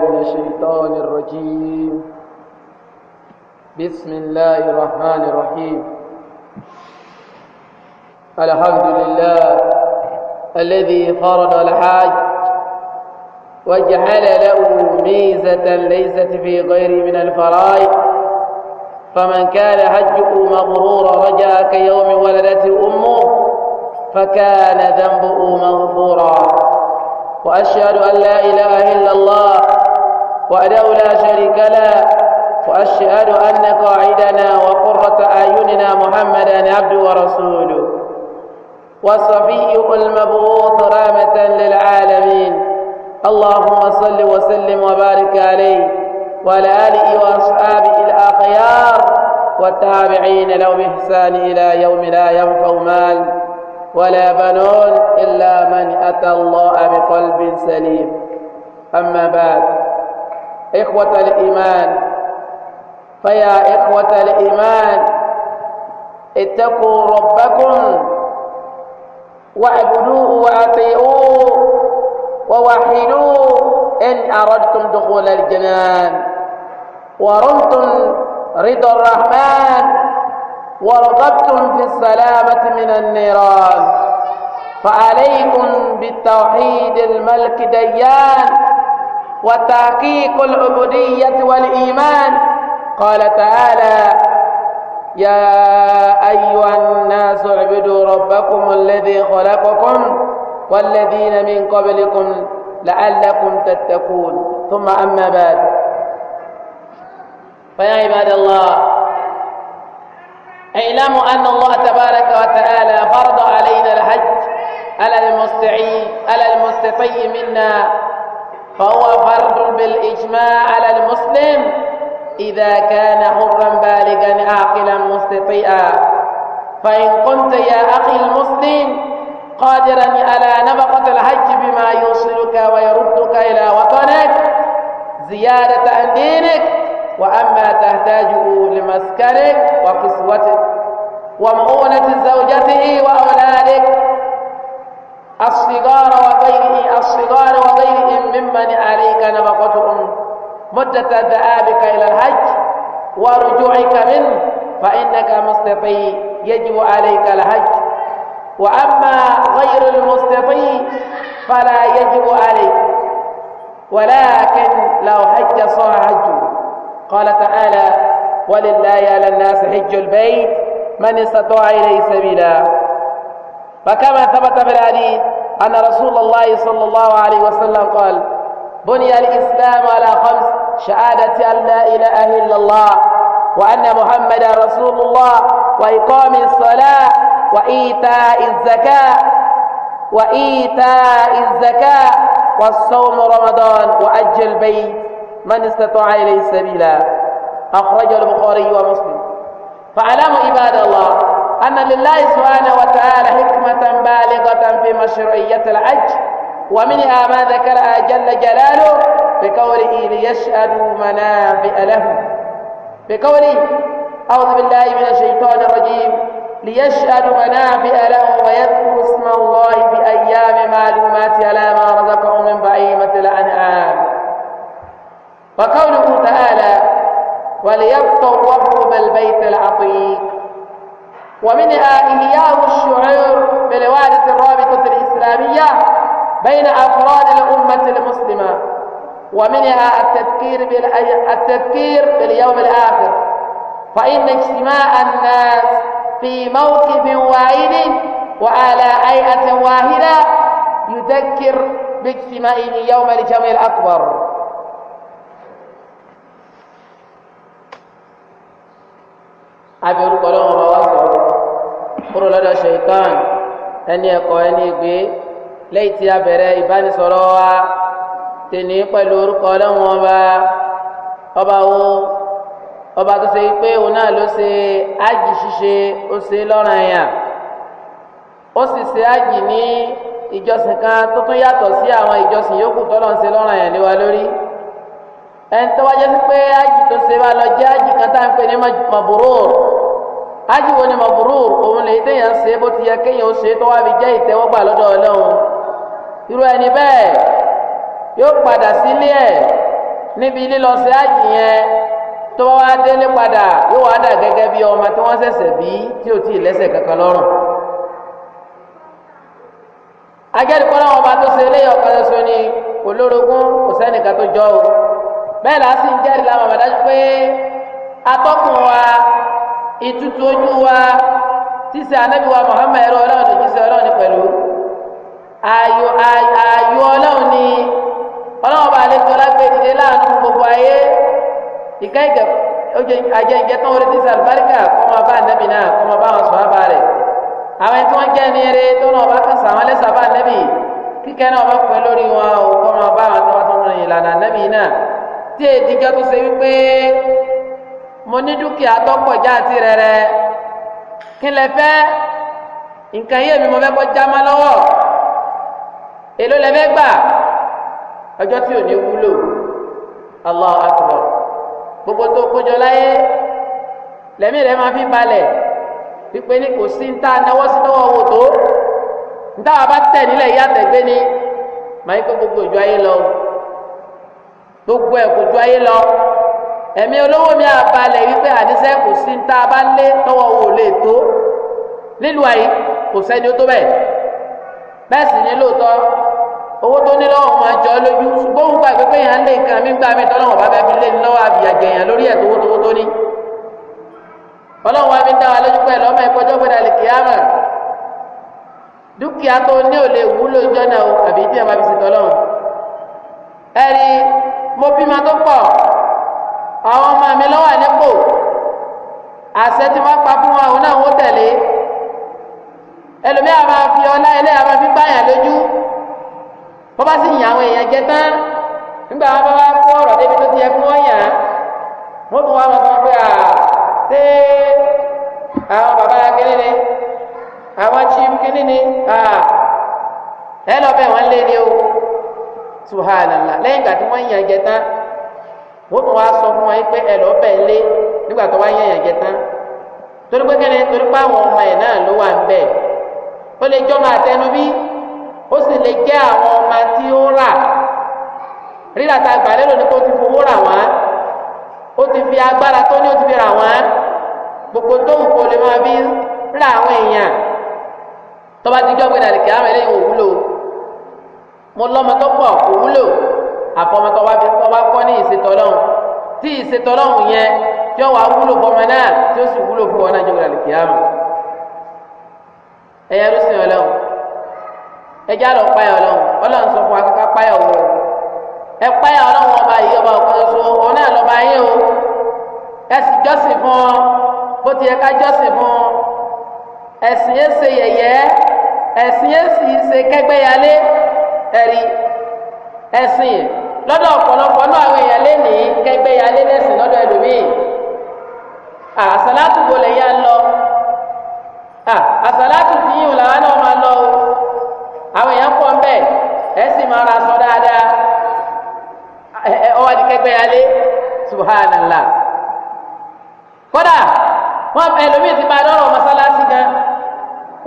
من الشيطان الرجيم بسم الله الرحمن الرحيم الحمد لله الذي فرض الحاج وجعل له ميزة ليست في غير من الفرائض فمن كان حجه مغرورا رجا كيوم ولدته أمه فكان ذنبه مغفورا وأشهد أن لا إله إلا الله وأداء لا شريك لا وأشهد أن قاعدنا وقرة أعيننا محمدا عبده ورسوله وصفيه المبعوث رحمة للعالمين اللهم صل وسلم وبارك عليه وعلى آله وأصحابه الأخيار والتابعين له بإحسان إلى يوم لا ينفع مال ولا بنون إلا من أتى الله بقلب سليم أما بعد إخوة الإيمان فيا إخوة الإيمان اتقوا ربكم واعبدوه وأطيعوه ووحدوه إن أردتم دخول الجنان ورمتم رضا الرحمن ورغبتم في السلامة من النيران فعليكم بالتوحيد الملك ديان وتحقيق العبودية والإيمان قال تعالى يا أيها الناس اعبدوا ربكم الذي خلقكم والذين من قبلكم لعلكم تتقون ثم أما بعد فيا عباد الله اعلموا أن الله تبارك وتعالى فرض علينا الحج على المستعين على المستفي منا فهو فرض بالإجماع على المسلم إذا كان حرا بالغا عاقلا مستطيعا فإن كنت يا أخي المسلم قادرا على نفقة الحج بما يوصلك ويردك إلى وطنك زيادة عن دينك وأما تحتاجه لمسكنك وكسوتك ومؤونة زوجته وأولادك الصغار وغيره الصغار وغيرهم ممن عليك نفقتهم مدة ذهابك إلى الحج ورجوعك منه فإنك مستطيع يجب عليك الحج وأما غير المستطيع فلا يجب عليك ولكن لو حج صار حج قال تعالى ولله على الناس حج البيت من استطاع إليه سبيلا فكما ثبت في الحديث أن رسول الله صلى الله عليه وسلم قال بني الإسلام على خمس شهادة أن لا إله إلا الله وأن محمدا رسول الله وإقام الصلاة وإيتاء الزكاة وإيتاء الزكاة والصوم رمضان واجل البيت من استطاع إليه سبيلا أخرجه البخاري ومسلم فاعلموا عباد الله أن لله سبحانه وتعالى حكمة بالغة في مشروعية الحج ومنها آه ما ذكرها جل جلاله بقوله ليشهدوا منافع لهم بقوله أعوذ بالله من الشيطان الرجيم ليشهدوا منافع لهم ويذكروا اسم الله في أيام معلومات على ما رزقهم من بعيمة الأنعام وقوله تعالى وليطوفوا بالبيت العتيق ومنها إهياء الشعور بلوادة الرابطة الإسلامية بين أفراد الأمة المسلمة ومنها التذكير, التذكير باليوم الآخر فإن اجتماع الناس في موقف واحد وعلى هيئة واحدة يذكر باجتماعه يوم الجمع الأكبر أبي رب الله kúrò lọ́dọ̀ ṣèitán ẹni ẹ̀kọ́ ẹni ìgbé lẹ́yìn tí a bẹ̀rẹ̀ ìbánisọ̀rọ̀ wa tèní pẹ̀lú orúkọ ọlọ́run ọba ọba wo ọba tó ṣe pé òun náà ló ájì ṣíṣe ó ṣe lọ́ràn ẹ̀yà ó sì ṣe ájì ní ìjọsìn kan tó tún yàtọ̀ sí àwọn ìjọsìn yòókù ṣe ẹ̀yà wa lórí ẹni tó kan ń Aji wo ni mabrur òun lè téèyàn ṣe bó ti yẹ kéèyàn ó ṣe tó wá fi jẹ́ ìtẹ́wọ́gbà lọ́dọ̀ ọlọ́run irú ẹni bẹ́ẹ̀ yóò padà sílé ẹ̀ níbi lílọ sí hajj yẹn tó bá wá délé padà yóò wá dà gẹ́gẹ́ bí ọmọ tí wọ́n ṣẹ̀ṣẹ̀ bí tí ò tí ì kankan lọ́rùn agẹ́dùkọ́ náà wọn bá tó ṣe eléyìí ọ̀kan ṣoṣo ni kò lórogún kò sẹ́nìkan tó jọ o bẹ́ẹ̀ lásìkò jẹ́rìí làwọn àbàdájú pé atọ́kùn wa ìtutù ojú wa sísẹ anabi wa Muhammad ẹrọ Ọlọ́run ní jísẹ Ọlọ́run ní pẹ̀lú ayò ayò Ọlọ́run ní Ọlọ́run bá lẹsọ lágbè dìde láàánú gbogbo ayé ìka ìgẹ ajẹ ìjẹ tán orí tíṣà àlùbáríkà kọ́ máa bá anabi náà kọ́ máa bá wọn sọ ábà rẹ àwọn ẹni tí wọn jẹ ní eré tó náà bá kàn sàn wọn lẹsọ àbá anabi kíkẹ náà bá pẹ lórí wọn ò kọ́ máa bá wọn tó wọn tó ń rìn ìlànà anabi náà tí èdè ìjọ tó ṣe wípé mo ní dúkìá tó pọ̀ jáàtì rẹ̀rẹ̀ kí lẹ fẹ́ nǹkan yé mi mo fẹ́ kọ́ jámá lọ́wọ́ èló lẹ fẹ́ gbà ọjọ́ tí ò ní wúlò Allahu akbar gbogbo tó kójọ láyé lẹ́mí rẹ̀ máa fi balẹ̀ wípé ní kò sí níta náwó sí náwó wò tó níta wà bá tẹ̀ nílẹ̀ yá ni màá yí kó gbogbo òjò ayé lọ gbogbo ẹ̀ kò ju ayé lọ ẹ̀mí olówó mi àbalẹ̀ wípé àdísẹ́ kò sí ní tá a bá ń lé tọwọ́ wò lè tó nílùú àyè kò sẹ́ni ó tó bẹ́ẹ̀ bẹ́ẹ̀ sì ní lóòótọ́ owó tó ní lọ́wọ́ máa jọ lójú ṣùgbọ́n òun gbàgbé pé èèyàn ń lé nǹkan mí gbà mí tọ́lọ́wọ́ bá bẹ́ẹ̀ fi lé lọ́wọ́ àbíyàjẹ́ èèyàn lórí ẹ̀ tówó tówó tó ní ọlọ́wọ́ mi dá wa lójú pé lọ́mọ ẹ̀kọ́jọ́ gbé dalẹ̀ kíámà dúkìá tó ní ò wúlò jọ́nà àbí tí a bá fi ṣètọ́ lọ́wọ́ ẹ̀rí mo bímọ tó pọ̀ àwọn ọmọ mi lọ́wọ́ nípò àṣẹ tí wọ́n pa fún wọn àwọn náà wọ́n tẹ̀lé ẹlòmíà máa fi ọlá ilé àbá fi báyàn lójú wọ́n bá sì yàn àwọn èèyàn jẹ tán nígbà wọn bá wá kó ọ̀rọ̀ débi tó ti yẹ fún wọn yàn wọ́n tún wá wọn kan pé à ṣé àwọn bàbá ni àwọn ni wọ́n tún wá sọ fún wa pé ẹ lọ́ọ́ bẹ̀ lé nígbà tó wá yẹ̀yàn jẹ tán torí pé kẹ́ni torí pé àwọn ọmọ ẹ̀ náà ló wà ń bẹ̀ ó lè jọ́ máa tẹnu bí ó sì lè jẹ́ àwọn ọmọ tí ó rà rírà tá a gbà lérò ni kó ti fowó rà wọ́n ó ti fi agbára tó ní ó ti fi rà wọ́n gbogbo tó ń lè máa bí rà àwọn èèyàn tọ́ba ti jọ́ pé nàìjíríà mẹ́lẹ́yìn òwúlò mo lọ́mọ tó pọ̀ òwúlò àfọmọtọ wa tọ wa kọ ní ìṣètọlọ́hún tí ìṣètọlọ́hún yẹn tí ó wàá wúlò fọmọ náà tí ó sì wúlò fún wọn náà jẹ́ wọlé kìámù ẹ̀yà ló sìn ọlọ́hún ẹjẹ́ àlọ́ páyà ọlọ́hún ọlọ́hún sọ fún wa kíkà páyà òun ẹ páyà ọlọ́hún ọba yìí ọba ọ̀kan ṣoṣo òun náà lọ́ba yín o ẹ sì jọ́sìn fún ọ bó ti yẹ ká jọ́sìn fún ọ ẹ̀sìn yẹn ṣe yẹ̀yẹ́ ẹ̀sìn yẹn sì ṣe kẹ́gbẹ́yalé ẹ̀rí ẹ̀sìn lọ́dọ̀ ọ̀pọ̀lọpọ̀ náà àwọn èèyàn lé ní kẹgbẹ́ ya lé lẹ́sìn lọ́dọ̀ ẹlòmíì àṣàlátù wo lè yá lọ àṣàlátù tí yìí làwọn náà máa lọ o àwọn èèyàn pọ̀ mbẹ́ ẹ̀ máa ra aṣọ dáadáa ọwọ́ ni kẹgbẹ́ ya lé subhanallah kódà wọn ẹlòmíì ti máa dọ́rọ̀ Masalasi gan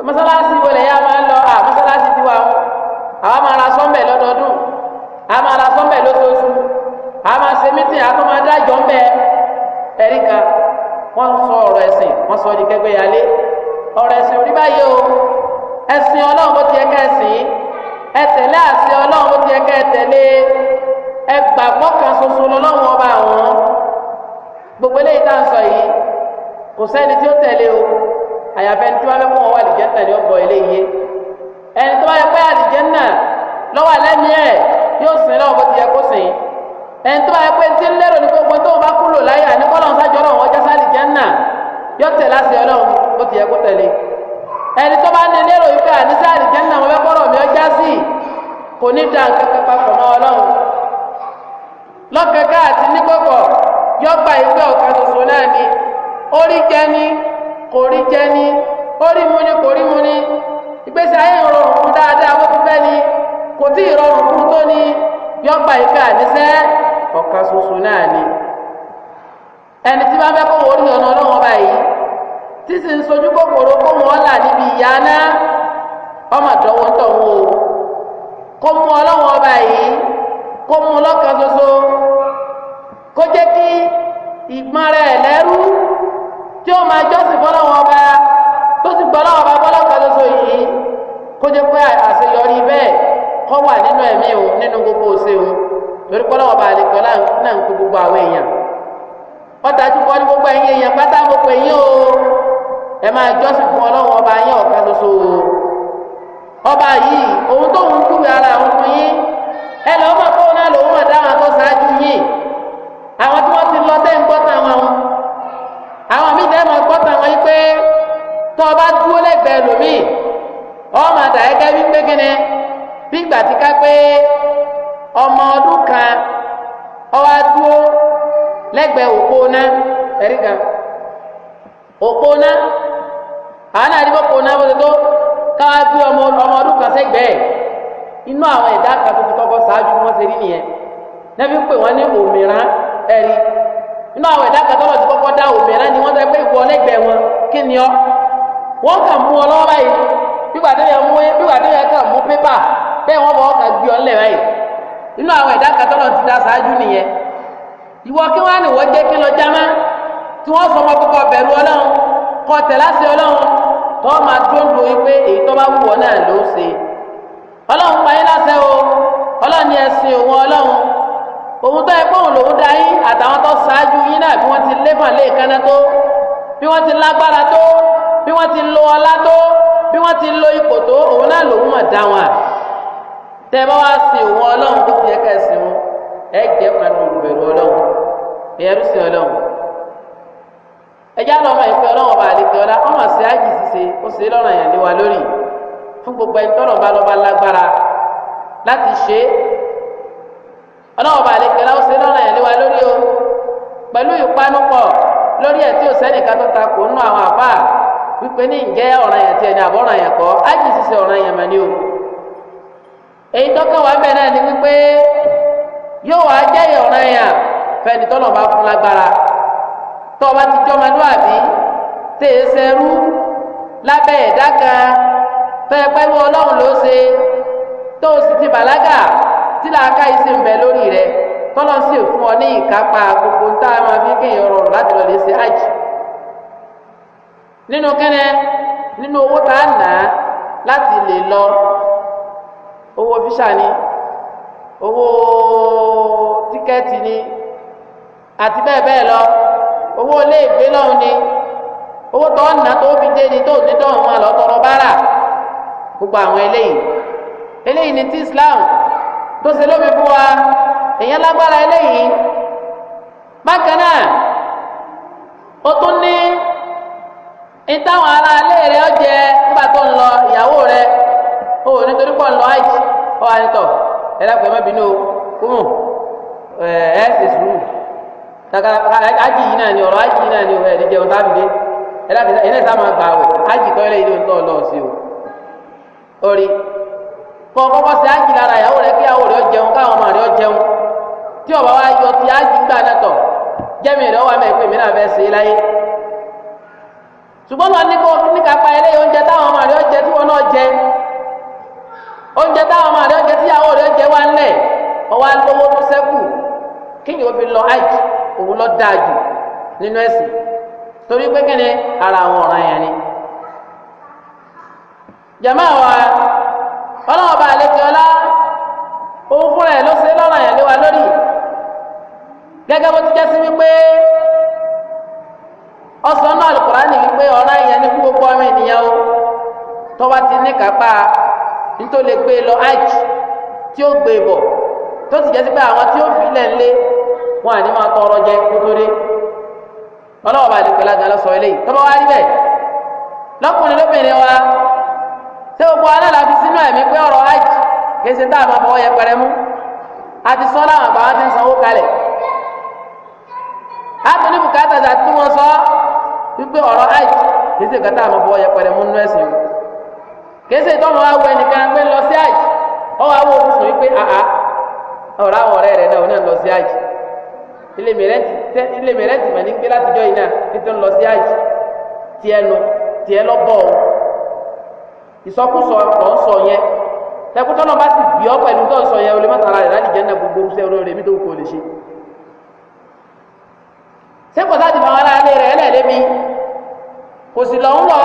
masalasi wo lè yá máa lọ mọ́sálásí tiwa o àwọn máa ra a máa la sọ́mbẹ̀ lóṣooṣù a máa ṣe mítìn a tó máa dájọ́ mbẹ́ ẹ̀rí kan wọ́n sọ ọ̀rọ̀ ẹ̀sìn wọ́n sọ di kẹgbẹ́ yálé ọ̀rọ̀ ẹ̀sìn orí báyìí o ẹ̀sìn ọlọ́run bó ti yẹ ká ẹ̀sìn ẹ̀tẹ̀lé àti ọlọ́run bó ti yẹ ká ẹ̀tẹ̀lé ẹgbàgbọ́ kan ṣoṣo lọ́wọ́ ọba àwọn gbogbo eléyìí tá à ń sọ yìí kò sẹ́ni tí ó tẹ̀lé o àyàfẹ́ ní tí wọ́n fẹ́ fún wọn wà lìjẹ́ náà ni ó bọ̀ eléyìí ẹni tó bá yẹ pé àlìjẹ́ lọ́wọ́ àlẹ́ mi ẹ̀ yóò sìn náà bó ti yẹ kó sìn ẹni tó bá yẹ pé ti ń lérò ní gbogbo tó ń bá kúlò láyà ní kọ́lọ́n sájọ́ náà wọ́n jásá lè jẹ́ nà yóò tẹ̀ láti ọlọ́run bó ti yẹ kó tẹ̀lé ẹni tó bá ní lérò yìí pé ànísá lè jẹ́ nà wọ́n fẹ́ kọ́rọ̀ mi ọjà sí kò ní da nǹkan kan papọ̀ mọ́ ọlọ́run lọ́kẹ̀kẹ́ àti nígbàgbọ́ yóò gba ìgbẹ́ ọ̀kan tuntun náà ni orí jẹ́ ni kò rí jẹ́ ni orí mu ni kò rí mu ni ìgbésí ayé ìrọ̀rùn dáadáa bó ti fẹ́ ni kò tí ì rọrùn fún tó ní yọgbà ìka àníṣẹ́ ọ̀kan ṣoṣo náà ni ẹni tí bá fẹ́ kó wọ́n ní ọ̀nà ọlọ́wọ́n báyìí tí sì ń sojú kòkòrò kó wọ́n là níbi ìyá náà ọmọ àdánwò ń o kó mú ọlọ́wọ́n báyìí kó mú lọ́kan ṣoṣo kó jẹ́ kí ìgbọ́n rẹ̀ lẹ́rú tí ó máa jọ́sìn fọlọ́wọ́n ọba tó sì gbọ́ lọ́wọ́ ọba fọlọ́kan yìí kó jẹ́ pé àṣeyọrí bẹ́ẹ̀. kọ́ wà nínú ẹ̀mí o nínú gbogbo ose o torí pé bá lè kọ́ náà ń gbogbo àwọn èèyàn pàtàkì kọ́ ní gbogbo ẹ̀yìn èèyàn pátá o ẹ máa jọ́sìn fún ọlọ́wọ́ ọba yẹn ọ̀kan ṣoṣo o ọba yìí òun tó ń ara òun fún yín ẹ náà lòun àwọn tó ṣáájú yín àwọn tí wọ́n ti lọ ọ bí ìgbà tí ká pé ọmọ ọdún kan ọwá dúró lẹ́gbẹ̀ẹ́ òpó ẹ̀rí àwọn náà níbo káwá ọmọ ọdún kan sẹ́gbẹ̀ẹ́ inú àwọn ẹ̀dá kan tó kọ́kọ́ ṣáájú wọn ṣe rí nìyẹn nẹ́bí wọ́n ní òmìnira ẹ̀rí inú àwọn ẹ̀dá kan bẹ́ẹ̀ wọ́n bọ̀ ọkà gbé ọ ńlẹ̀ báyìí inú àwọn ẹ̀dá katọ́lọ̀ ti dá ṣáájú nìyẹn ìwọ kí wọ́n á nìwọ́ jẹ́ kí lọ jámá tí wọ́n fọmọ kọ́kọ́ bẹ̀rù ọlọ́run kọ́ tẹ̀láṣẹ ọlọ́run tó máa dúró lórí pé èyí tó bá wúwọ náà ló ṣe ọlọ́run pa yín láṣẹ o ọlọ́run ni ẹ̀sìn òun ọlọ́run òun tó ẹgbẹ́ òun lòún da yín àtàwọn tó ṣáájú yín náà bí wọ́n ti lébọn léèkánná tó bí wọ́n ti lágbára tó bí wọ́n ti lo ọlá tó bí wọ́n ti lo ipò tó òun náà lòún mọ̀ dá wọn tẹ bá wá sin òun ọlọ́run tó ti yẹ ká ẹ sin wọn ẹ jẹ́ pẹ̀lú olùbẹ̀rù ọlọ́run ẹ̀yẹ́rú sí ọlọ́run ẹjá lọ ọmọ ìpè bá àlejò ọlá ọmọ sí ájì ṣiṣe ó ṣe gbogbo ẹni bá lágbára láti ṣe bá àlejò ọlá ó ṣe o lórí tí ta kò àwọn àbá wípé ní yẹn èyí tọ́ka wà náà ni wípé yóò wá jẹ́ ìyọ̀ràn fẹ́ni tọ́lọ̀ bá fún lágbára tó o bá ti jọ́ ọmọlúwàbí lábẹ́ ẹ̀dá fẹ́ pẹ́wọ́ ọlọ́run ló ṣe ti bàlágà tí làákà yìí sì ń bẹ lórí rẹ sì fún ọ ní ìkápá gbogbo ń tá a máa fi rọrùn láti lọ lè lọ owó fíṣà ni owó tíkẹ́ẹ̀tì ni àti bẹ́ẹ̀ bẹ́ẹ̀ lọ owó ilé ìgbé lọ́hùn ni owó tó ń ná tó fi dé ni tó ní tó ń wọn lọ tọrọ bára gbogbo àwọn eléyìí eléyìí ni ti Islam tó ṣe lómi fún wa èèyàn lágbára eléyìí bákan náà ó tún ní ìtàwọn ará ilé rẹ̀ ó jẹ nígbà tó ń lọ ìyàwó rẹ̀. o nítorí pọ̀ ńlọ àìjì ọ wà nítọ̀ ẹ dápẹ́ má bínú kúmù ẹ ẹ ṣe sùúrù àjì yìí náà ni ọ̀rọ̀ àjì yìí náà ni ẹ̀ ní jẹun tábìlì ẹ dápẹ́ ẹ náà sá máa gbà wẹ̀ àjì kọ́ ilé ìlú ńlọ lọ sí o orí kọ́ kọ́kọ́ sí àjì lára ìyàwó rẹ kí ìyàwó rẹ jẹun káwọn ọmọ rẹ jẹun tí ọba wa yọ ti àjì gbà náà tọ̀ jẹ́mi rẹ wà mẹ́pẹ́ mi náà fẹ́ ṣe láyé ṣùgbọ́n lọ ní kó ní kápá eléyìí oúnjẹ táwọn ọmọ rẹ jẹ tí wọn náà jẹ oúnjẹ táwọn ọmọ rẹ oúnjẹ tíyàwó rẹ oúnjẹ wá ńlẹ̀ ọwọ́ alówó tó sẹ́kù kínyìn òfin lọ Aịt, òun lọ dáa jù nínú ẹ̀sìn torí pé kíni ara àwọn ọ̀ràn yẹn ni. jama wa ọlọ́wọ́ bá àlejò ọlá òun fúnra ẹ̀ ló ṣe lọ́rọ̀ yẹn lé wa lórí gẹ́gẹ́ bó ti jẹ́ sí wípé ọsàn náà al ọ̀ràn yẹn ọmọ ènìyàn tó bá ti ní kápá. nítorí lè gbé lọ hajj tí ó gbé bọ̀ tó sì jẹ́ sí pé àwọn tí ó fi wọn àní máa tọrọ jẹ kótódé ọlọ́wọ́ bá lè pè lága lọ́sọ̀ eléyìí bá wá rí bẹ́ẹ̀ lọ́kùnrin lóbìnrin wa ṣé gbogbo sínú ẹ̀mí pé ọ̀rọ̀ tá a máa fọwọ́ yẹpẹrẹ mú àti sọ láwọn àgbà wọn ti ń sanwó kalẹ̀ àti oníbùkátà tí wọ́n sọ wípé ọ̀rọ̀ mú kéésì tọ́mọ awọ ẹnìkan pé lọ sí àjì ọwọ́ awọ òfurufú yìí pé àhà ọ̀rọ̀ àwọn ọ̀rẹ́ rẹ̀ náà ò náà lọ sí àjì ilé mẹrẹntì mẹ ní pé látijọ́ yìí náà títún lọ sí àjì tiẹ̀ nu tiẹ̀ lọ́bọ̀ ọ́ ìsọkúsọ ọ̀ ń sọ yẹn tẹkutọ́ náà bá sì bí ọ pẹ̀lú tó ń sọ yẹn olè mọ́tara rẹ̀ láti jẹ́nà gbogbo orúṣẹ́ olóore mi tó kò lè ṣe sẹ́kọ̀ọ́ sáà ti fọwọ́ ara lé rẹ̀ ẹlẹ́ẹ̀lẹ́mi kò sì lọ ń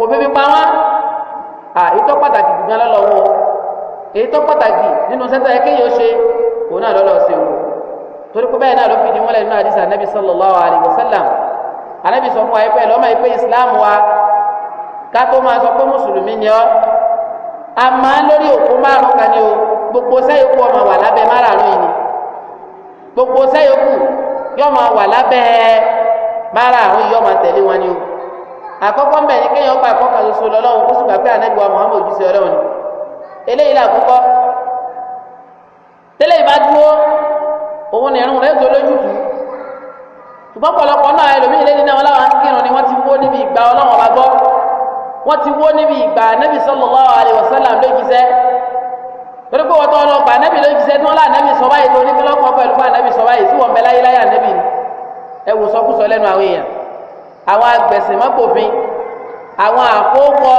kò fi fi pa wọn à ètò pàtàkì gbìgbà lọ́lọ́wọ́ ètò pàtàkì nínú sẹ́tà kéèyàn ṣe òun náà lọ́lọ́ ṣe wò torí pé bẹ́ẹ̀ náà ló fi di mọ́lẹ̀ nínú àdìsá anábì sallallahu alaihi wasallam anábì sọ fún wa pé lọ́mọ ìpè ìsìláàmù wa ká tó máa sọ pé mùsùlùmí ni ọ́ a máa ń lórí òkú márùn kan ní o gbogbo sẹ́yìn kú ọmọ wà lábẹ́ márààrún yìí ni gbogbo sẹ́yìn kú yọ wà lábẹ́ márààrún yìí yọ tẹ̀lé wọn ni o àkọ́kọ́ mbẹ ni kéèyàn gba ẹ̀kọ́ kan ṣoṣo lọ́lọ́run kó sì gbà pé ànágbèwà Muhammad ojúṣe Ọlọ́run ni eléyìí là kọ́kọ́ tẹ́lẹ̀ ìbá dúró òun nìrún rẹ̀ tó lójútùú ṣùgbọ́n pọ̀lọpọ̀ náà ẹlòmíì lé nínú ọlọ́run akínrun ni wọ́n ti wó níbi ìgbà Ọlọ́run ọba gbọ́ wọ́n ti wó níbi ìgbà Ànábì sallallahu alaihi wasallam lójúṣẹ́ torí pé wọ́tọ́ ọlọ́gbà Ànábì lójúṣẹ́ tí wọ́n lá Ànábì sọ báyìí tó oníkẹ́lọ́kọ̀ pẹ̀lú fún Ànábì sọ báyìí tí wọ́n bẹ láyé àwọn agbẹ̀sìmọ́pòfin àwọn àkókò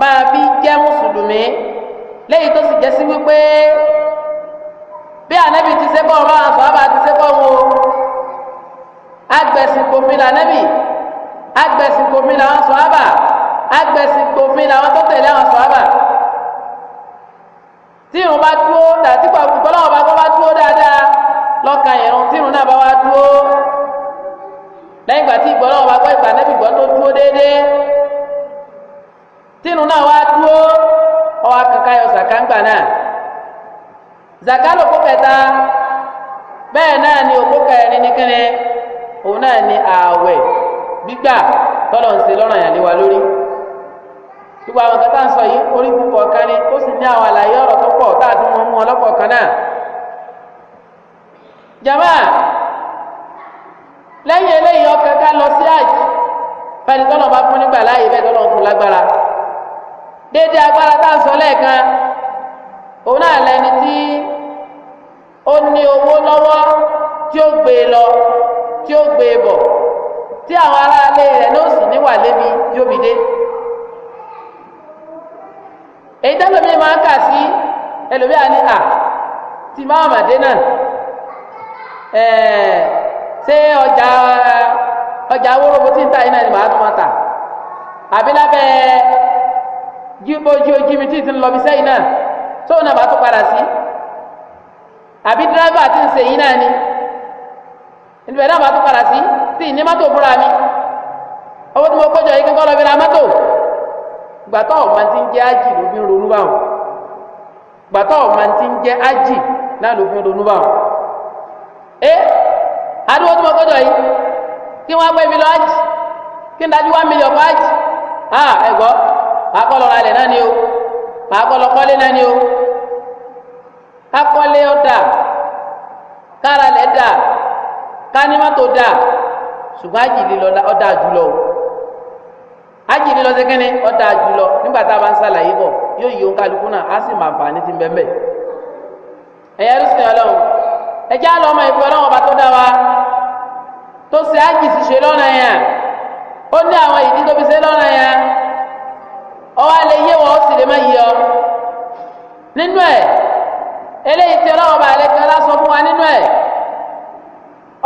máa fi jẹ́ mùsùlùmí léyìí tó sì jẹ́ sí wípé bí ànábì ti ṣe bọ́ ọ̀rọ̀ àṣọ àbá ti ṣe bọ́ wọn o agbẹ̀sìnkòfin lànábì agbẹ̀sìnkòfin làwọn sọ àbá agbẹ̀sìnkòfin làwọn tó tẹ̀lé àwọn sọ àbá tí irun bá dúró tàbí pàbùkọ́ lọ́wọ́ bá gbọ́ bá dúró dáadáa lọ́kàn irun tí irun náà bá wá dúró. lẹ́yìn ìgbà tí ìgbọ́ náà gbọ́ ìgbà nẹ́bí tó déédéé tínú náà wá yọ zaka ńgbà náà zaka kẹta bẹ́ẹ̀ náà ni òkú kẹrin ní òun náà ni ààwẹ̀ gbígbà tọ́lọ̀ ń ṣe lórí gbogbo àwọn ń sọ yìí orí púpọ̀ kan ni ó sì lẹ́yìn eléyìí ọkẹ́ ká lọ sí àjì fẹ́ni tọ́lọ̀ bá fún nígbà láàyè bẹ́ẹ̀ tọ́lọ̀ fún lágbára déédéé agbára tá à ń sọ lẹ́ẹ̀kan òun náà lẹni tí ó ní owó lọ́wọ́ tí ó gbé e lọ tí ó gbé e bọ̀ tí àwọn aráalé rẹ̀ ló sì níwà lébi tí ó fi dé èyí tẹ́lẹ̀ mi máa ń kà sí ẹlòmíà ní à ti náà ẹ̀ẹ́ ṣé ọjà ọjà awórobo tí ń ta iná ni màá tún wọn tà àbí lábẹ́ jíbojú ojúmi tí ti ń lọ bí sẹ́yìn náà tó náà bá tún padà sí àbí dírábà tí ń sèyìn náà ni ìbẹ̀rẹ̀ náà bá tún padà sí tí ní mọ́tò fúnra mi owó tí mo kójọ yìí kíkọ́ lọ fi ra mọ́tò gbàtọ́ ọ̀ máa ti ń jẹ́ ájì ló fi ń ronú báwọn gbàtọ́ ọ̀ máa ti ń jẹ́ ájì náà ló fi ń ronú báwọn. ariwo tó mọ kọjọ yìí kí wọn pẹ mi lọ ájì kí n dájú wá mílíọ̀n fún ájì ha ẹgbọ màá kọ lọ ra ilẹ̀ náà ni o màá kọ lọ kọ́lé náà ni o kakọ́lé ọ̀dà káralẹ̀ dà kánímọ́tò dà ṣùgbọ́n ájì lílọ ọ̀dà jùlọ o ájì lílọ sẹ́kẹ́ni jùlọ nígbà tá ẹjẹ́ àlọ́ ọmọ ìfẹ́ ọlọ́wọ́n ọba tó dá wa tó ṣe ájì sì ṣe lọ́nà yẹn ó ní àwọn ìdí tó fi ṣe lọ́nà yẹn ọwọ́ alẹ́ yé wọn ó sì lè má yí ọ nínú ẹ̀ eléyìí tí ọlọ́wọ́n ọba àlẹ́ kan lásán fún wa nínú ẹ̀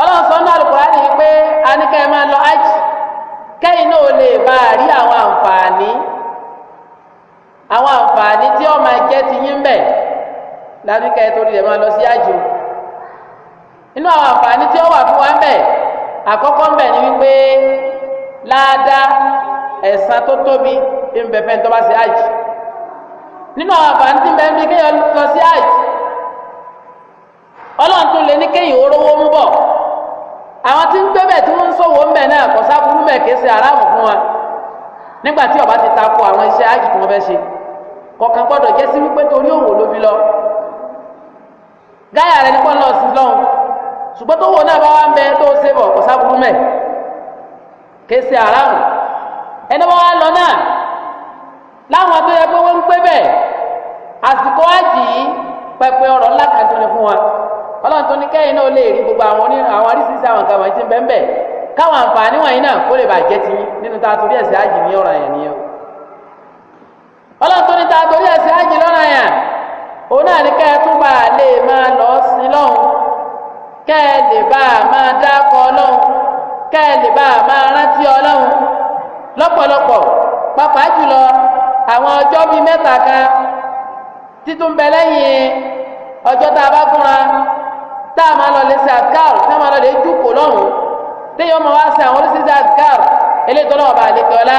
ọlọ́run sọ ní Al-Kùránì yìí pé a ní kẹ́ ẹ máa lọ ájì kẹ́yìn náà ò lè bá a rí àwọn àǹfààní àwọn àǹfààní tí ó máa jẹ́ ti yín bẹ̀ lábíkẹ́ torí rẹ̀ máa lọ sí àjò. inú àwọn àǹfààní tí ó wà fún wa ń bẹ àkọ́kọ́ ń bẹ ni wípé láàdá ẹ̀san tó tóbi ń bẹ fẹ́ bá àjì nínú àwọn àǹfààní tí ń bẹ ń bí kéèyàn lọ sí àjì ọlọ́run tún lè ní kéèyàn orówó ń bọ̀ àwọn tí ń gbé bẹ̀ tí wọ́n ń ń bẹ̀ náà kò sáfúrú ṣe aráàmù fún wa nígbà tí ti àwọn iṣẹ́ tí wọ́n fẹ́ ṣe kọ̀ọ̀kan gbọ́dọ̀ lọ ṣùgbọ́n tó wò náà bá wà ń bẹ tó ṣe bọ̀ lọ náà láwọn tó yẹ pé wọ́n ń pé bẹ́ẹ̀ àsìkò àjì yìí pẹpẹ ọ̀rọ̀ ńlá kan tó fún wa ọlọ́run tó ní kẹ́yìn gbogbo àwọn àwọn àwọn nǹkan wọ̀nyí ti ń bẹ́ẹ̀ bẹ́ẹ̀ káwọn àǹfààní wọ̀nyí náà kó lè ti nínú tá torí ẹ̀sẹ̀ àjì ní ọ̀ràn yẹn nìyẹn ọlọ́run tó ní torí ẹ̀sẹ̀ àjì lọ́ràn yẹn òun náà ní kẹ́ ẹ lè bá a máa dákọ ọlọ́run kẹ́ ẹ lè bá a máa rántí ọlọ́run lọ́pọ̀lọpọ̀ pàápàá jùlọ àwọn ọjọ́ bíi mẹ́ta kan títún bẹ lẹ́yìn ọjọ́ tá a bá gúnra tá a máa lọ lè ṣe àdìkárù tá a máa lọ lè dúkò lọ́rùn téèyàn máa wá ṣe àwọn oríṣiríṣi àdìkárù eléyìí tó lọ́wọ́ bá àlejò ọlá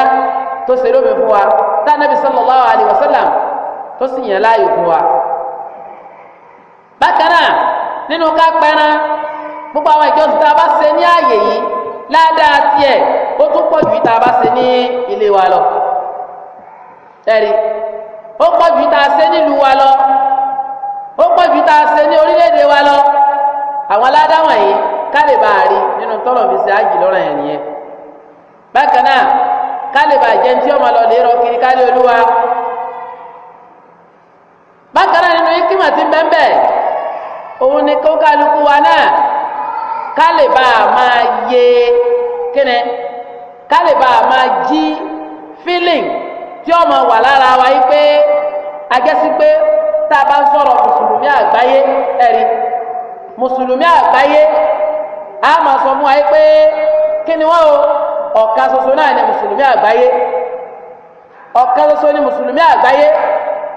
tó ṣe lómi fún wa tá a nàbì sallallahu alaihi wasallam tó sì yàn láàyò fún wa. bákan náà nínú ká pẹran gbogbo àwọn ìjọsìn tá a bá ṣe ní ààyè yìí ládàá tiẹ̀ ó tún pọ̀ ju tá a bá ṣe ní ilé wa lọ ẹ̀rí ó pọ̀ ju tá a ṣe nílùú wa lọ ó pọ̀ ju tá a ṣe ní orílẹ̀-èdè wa lọ àwọn ládàá wọ̀nyí ká lè bá a rí nínú tọ́lọ̀ fi ṣe àjì lọ́rọ̀ yẹn nìyẹn bákan náà ká lè bá jẹun tí ọmọ lọ lè rọ kiri ká lè olúwa bákan náà nínú ikímọ̀ ti bẹ́ẹ̀ bẹ́ẹ̀ òun ni kó kálukú wa náà ká lè bá a máa yé kíni ká lè bá a máa jí feeling tí ọmọ wà lára wa yìí pé agẹ́sí pé tá a bá ń sọ̀rọ̀ mùsùlùmí àgbáyé ẹ̀rí mùsùlùmí àgbáyé a máa sọ fún wa yìí pé kí ni wọ́n o ọ̀kan ṣoṣo náà ni mùsùlùmí àgbáyé ọ̀kan ṣoṣo ni mùsùlùmí àgbáyé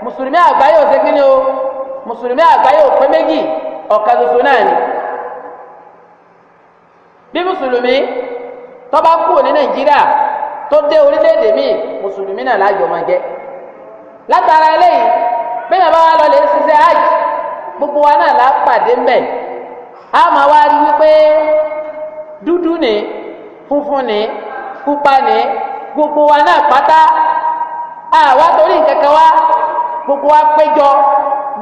mùsùlùmí àgbáyé ò ṣe kí o mùsùlùmí àgbáyé ò pé méjì ọ̀kan ṣoṣo náà ni bí mùsùlùmí tó bá kú ní nàìjíríà tó dé orílẹ̀-èdè míì mùsùlùmí náà lájọ máa jẹ́ látara eléyìí bẹ́ẹ̀ bá wà lọ́lẹ̀ ṣiṣẹ́ hajj gbogbo wa náà là ń pàdé mbẹ̀ a máa wá rí wípé dúdú ni funfun ni pupa ni gbogbo wa náà pátá àwa torí nǹkan kan gbogbo wa péjọ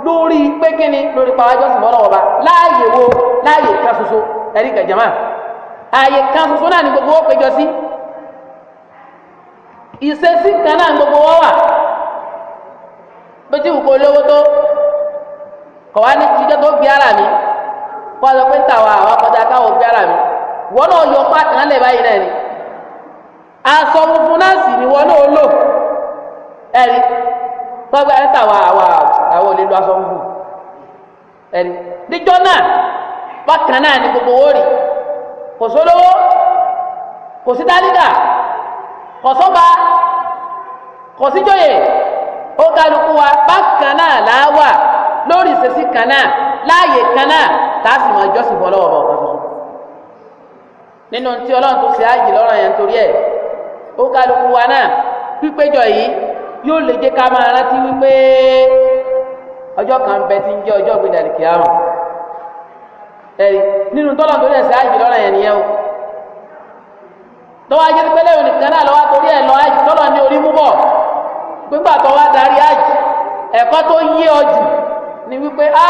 lórí pé kíni lórí pàwájọ́ sì mọ́nà ọba láàyè wo láàyè kan ṣoṣo ẹ̀rí kẹjẹ̀má ààyè kan ṣoṣo náà ni gbogbo wọn péjọ sí ìṣesí kan náà gbogbo wọn wà bójú kò lówó tó kọ̀ wá ní jíjẹ́ tó gbé ara mi kó a lọ pé tàwa àwọn akọjá káwọn gbé ara mi wọn náà yọ pàtàkì náà lè báyìí náà ni aṣọ funfun náà sì ni wọn náà lò ẹ̀rí wọ́n gba ẹ̀ta wa àwa àwọn olè lọ aṣọ ń bù ẹ̀rí níjọ́ náà bákan náà ni gbogbo owó rì kò sólówó kò sí tálíkà kò sọ́ba kò síjòyè ó kálukú wa bákan náà láwà lórí ìṣesí kan náà láàyè kan náà tá a sì máa jọ́sìn bọ́ lọ́wọ́ bọ́ nínú tí ọlọ́run tó ṣe àjì lọ́rọ̀ yẹn torí ẹ̀ ó kálukú wa náà pípéjọ yìí. yóò lè jẹ́ ká máa rántí wípé ọjọ́ kan bẹ ti ń jẹ́ ọjọ́ gbẹdàlì kìámù ẹ̀rí nínú tọ́lọ̀ tó lẹ̀ sí àjì lọ́rọ̀ yẹn nìyẹn o tọ́wọ́ ajé náà lọ́wọ́ torí ẹ̀ lọ àjì tọ́lọ̀ ni wípé a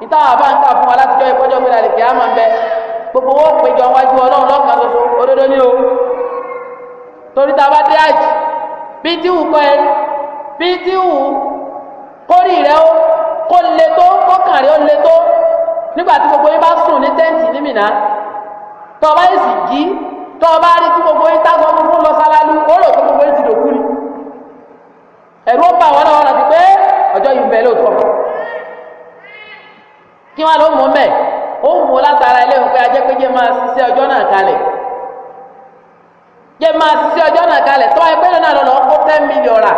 níta àbá ń kà fún wa láti jọ gbogbo owó péjọ wájú bídíwù kọ ẹ bídíwù kórì rẹ ó kó le tó kàn rí ó le tó nígbà tí gbogbo yín bá sùn ní tẹ́ǹtì ní Mínà tó o bá yìí sì jí tó bá rí tí gbogbo yín tágbọ́ fúnfún lọ sálálú ó gbogbo yín ti dòkú ni ẹ̀rú ó bà wọ́n náà wọ́n pé ọjọ́ yìí ń bẹ lóòótọ́ kí wọ́n lọ mọ̀ mẹ́ ó látara ilé ajẹ́pẹ́jẹ́ máa jẹ́ máa ti ọjọ́ náà kalẹ̀ tọ́ ẹgbẹ́ náà lọ lọ kó ten million rà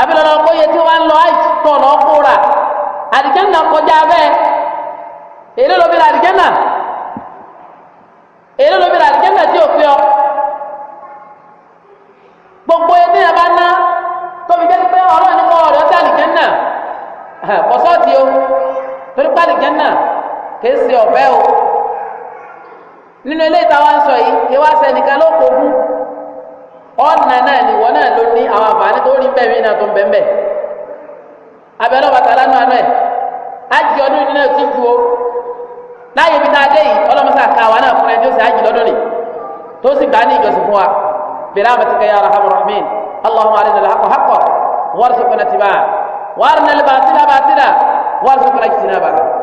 àbí lọ lọ kó iye tí wọ́n ń lọ àìsí tọ̀ lọ kó rà àdìjẹ́ náà kọjá bẹ́ẹ̀ èlé ló fi ra àdìjẹ́ náà èlé ló fi ra àdìjẹ́ náà tí ò fi ọ gbogbo ẹni náà bá ná tóbi jẹ́ pé ọlọ́run ní kọ́ ọ̀rẹ́ ọ̀tá àdìjẹ́ náà kọ́sọ́ọ̀tì o torí pé àdìjẹ́ náà kì í ṣe o nínú ilé ìta wa ń sọ yìí kí wá sẹnìkan ló kó fún ọ̀nà náà ni ìwọ náà ló ní àwọn àǹfààní tó rí bẹ́ẹ̀ mìíràn tó ń bẹ́ẹ̀ bẹ́ẹ̀ abẹ́rẹ́ ọ̀bàtà lánàá àná ẹ̀ ájì ọdún yìí náà ti ju o láàyè ibi tá a dé yìí ọlọ́mọsá ká wa náà fún ẹ tí ó sì ájì lọ́dún ni tó sì gbà ní ìjọsìn fún wa bẹ̀rẹ̀ àmọ̀tíkẹ́ yàrá rahman allahumma alẹ́ nàlẹ́ hakọ̀ hakọ̀ wọ́n ti kọ́nà tìbà wọ́n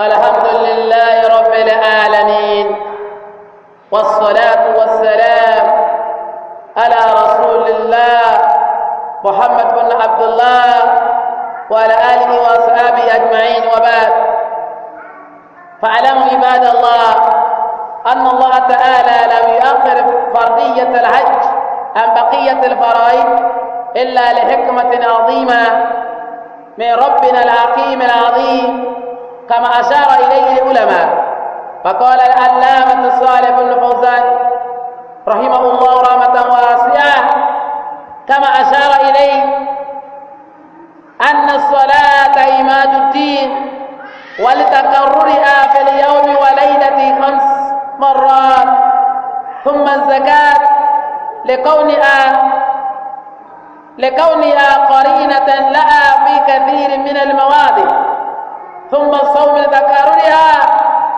الحمد لله رب العالمين والصلاة والسلام على رسول الله محمد بن عبد الله وعلى آله وأصحابه أجمعين وبعد فاعلموا عباد الله أن الله تعالى لم يؤخر فرضية الحج عن بقية الفرائض إلا لحكمة عظيمة من ربنا العقيم العظيم كما أشار إليه العلماء فقال أن الصالح بن فوزان رحمه الله رحمة واسعة كما أشار إليه أن الصلاة إماد الدين ولتقررها في اليوم وليلة خمس مرات ثم الزكاة لكونها لكونها قرينة لها في كثير من المواد ثم صوم ذكرها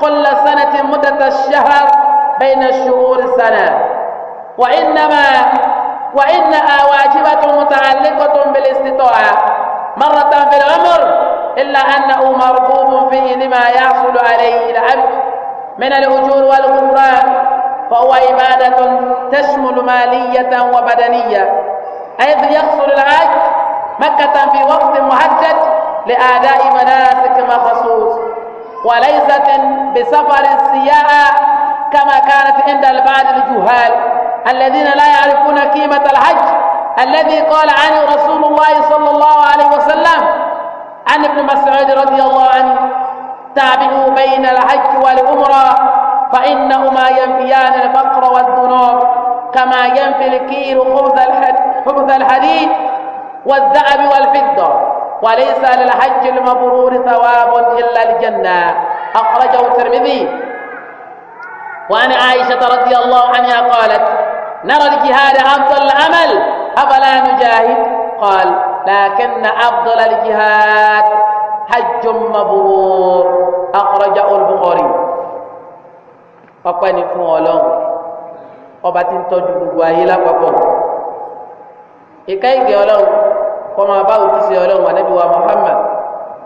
كل سنة مدة الشهر بين الشهور السنة وإنما وإنها واجبة متعلقة بالاستطاعة مرة في العمر إلا أنه مرغوب فيه لما يحصل عليه العبد من الأجور والغفران فهو عبادة تشمل مالية وبدنية حيث يحصل العبد مكة في وقت محدد لأداء مناسك مخصوص وليست بسفر السياحة كما كانت عند البعض الجهال الذين لا يعرفون قيمة الحج الذي قال عنه رسول الله صلى الله عليه وسلم عن ابن مسعود رضي الله عنه تابعوا بين الحج والعمرة فإنهما ينفيان الفقر والذنوب كما ينفي الكير خبز الحديد والذهب والفضة وليس للحج المبرور ثواب إلا الجنة أخرجه الترمذي وعن عائشة رضي الله عنها قالت نرى الجهاد أفضل العمل أفلا نجاهد قال لكن أفضل الجهاد حج مبرور أخرجه البخاري فقال فولون ọba tí ń tọ́jú فقال ayé lápapọ̀ kọ́mọ bá òjíṣẹ́ ọlọ́run ànábì wa Muhammad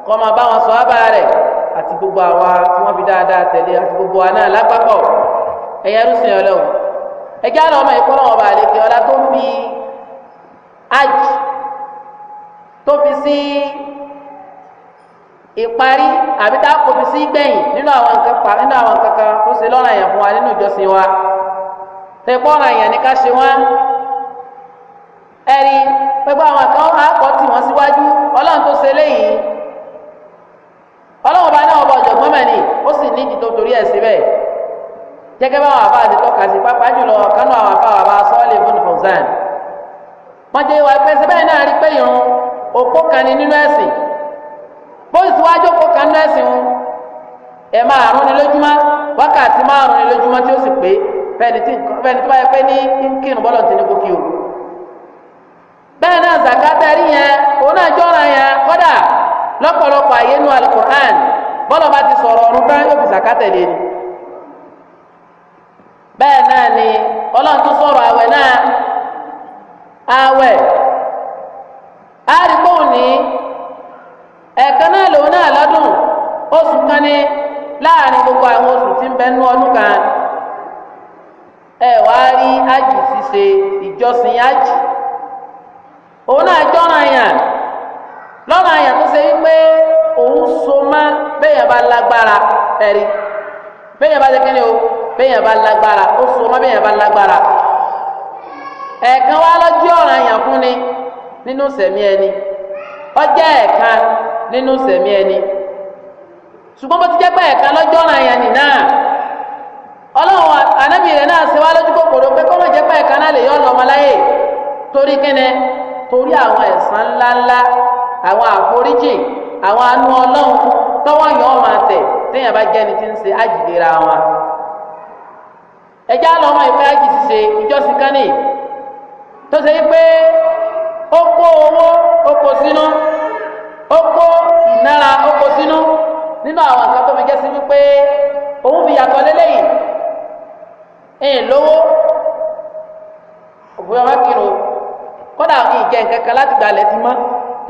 kọ́mọ bá wọn sàhábà rẹ̀ àti gbogbo àwa tí fi dáadáa gbogbo wa rúṣin ọmọ ọlá tó fi aj tó fi sí ìparí àbí tá a kò fi sí gbẹ̀yìn nínú àwọn nǹkan nínú àwọn nǹkan tó ṣe lọ́ranyàn fún wa nínú ìjọsìn wa tẹ̀pọ̀ ẹ̀rí pẹ̀pẹ́ àwọn kan àpọ̀ tí wọ́n síwájú ọlọ́run tó ṣe léyìí ọlọ́run bá náà ọba ọ̀jọ̀gbọ́n mẹ́ni ó sì ní ìdí torí ẹ̀ síbẹ̀ gẹ́gẹ́ bá àwọn àfáà ti tọ́ka sí pápá jùlọ kánú àwọn àfáà bá sọ́ọ́lì fún fọ̀zán wọ́n jẹ́ ìwà ìpẹ́ síbẹ̀ náà rí pé irun òpó kan ní nínú ẹ̀sìn bó sì òpó kan nínú ẹ̀sìn wọn ẹ̀ máa rún ni lójúmọ́ wákàtí máa ni lójúmọ́ tí ó ti ní kókí o. bẹ́ẹ̀ náà zakatari yẹn òun náà jọ́ra yẹn kọ́dà lọ́pọ̀lọpọ̀ àyè nu alukur'an bọ́lọ̀ bá ti sọ̀rọ̀ ọ̀run tán yóò fi zakata lé ni. bẹ́ẹ̀ náà ni ọlọ́run tún sọ̀rọ̀ àwẹ̀ náà àwẹ̀ àríkóhùn ní ẹ̀ẹ̀kan náà lòun náà lọ́dún oṣù kan ní láàrin gbogbo àwọn oṣù tí ń bẹ nú ọdún kan ẹ̀ wá rí àjì ṣíṣe ìjọsìn àjì. òun náà jọ́ ọ̀nà yàn lọ́nà tó ṣe wípé òun so bá lágbára ẹ̀rí bá o bẹ́yàn bá lágbára ó so mọ́ bẹ́yàn bá lágbára ẹ̀ẹ̀kan wá lọ́jọ́ ọ̀nà yàn fún ni nínú sẹ̀mí ẹni ọjọ́ ẹ̀ẹ̀kan nínú sẹ̀mí ẹni ṣùgbọ́n bó ti jẹ́ pé ẹ̀ẹ̀kan lọ́jọ́ ọ̀nà nì náà ọlọ́run torí àwọn ẹ̀san ńláńlá àwọn àforíjì àwọn anú ọlọ́run tọ́wọ́ yẹn ọmọ àtẹ̀ téèyàn bá jẹ́ ni tí ń ṣe ájìlera wọn. ẹ̀já lọ́mọ ìfẹ́ ájì ṣiṣe ìjọsìn kan ní tó ṣe pé ó kó owó ó kó sínú ó kó tó fi jẹ́ sí wípé òun fi yàtọ̀ ẹ̀yìn lówó ọmọ kódà kí n lati láti mọ́